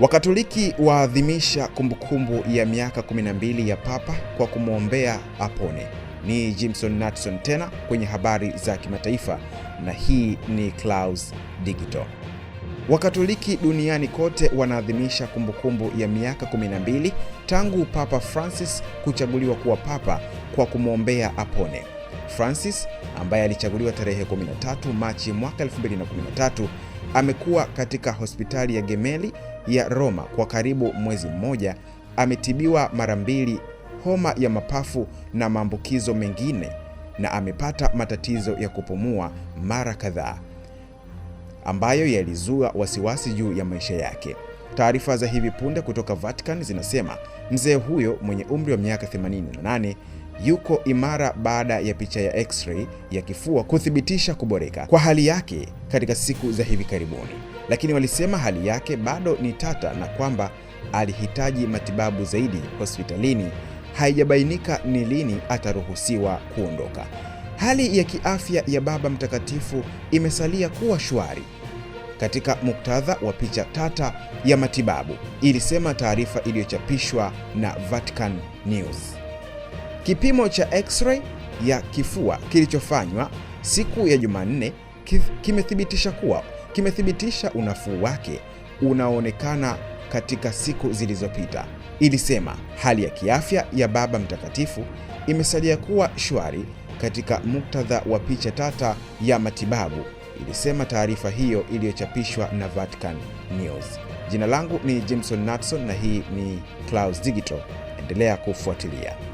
Wakatoliki waadhimisha kumbukumbu ya miaka 12 ya Papa kwa kumwombea apone. Ni Jimson Natson tena kwenye habari za kimataifa, na hii ni Clouds Digital. Wakatoliki duniani kote wanaadhimisha kumbukumbu ya miaka 12 tangu Papa Francis kuchaguliwa kuwa papa kwa kumwombea apone. Francis ambaye alichaguliwa tarehe 13 Machi mwaka 2013 Amekuwa katika hospitali ya Gemelli ya Roma kwa karibu mwezi mmoja. Ametibiwa mara mbili homa ya mapafu na maambukizo mengine, na amepata matatizo ya kupumua mara kadhaa ambayo yalizua wasiwasi juu ya maisha yake. Taarifa za hivi punde kutoka Vatican zinasema mzee huyo mwenye umri wa miaka 88 yuko imara baada ya picha ya x-ray ya kifua kuthibitisha kuboreka kwa hali yake katika siku za hivi karibuni, lakini walisema hali yake bado ni tata na kwamba alihitaji matibabu zaidi hospitalini. Haijabainika ni lini ataruhusiwa kuondoka. Hali ya kiafya ya Baba Mtakatifu imesalia kuwa shwari katika muktadha wa picha tata ya matibabu, ilisema taarifa iliyochapishwa na Vatican News. Kipimo cha x-ray ya kifua kilichofanywa siku ya Jumanne kimethibitisha kuwa kimethibitisha unafuu wake unaoonekana katika siku zilizopita. Ilisema hali ya kiafya ya Baba Mtakatifu imesalia kuwa shwari katika muktadha wa picha tata ya matibabu, ilisema taarifa hiyo iliyochapishwa na Vatican News. Jina langu ni Jameson Natson na hii ni Clouds Digital. Endelea kufuatilia.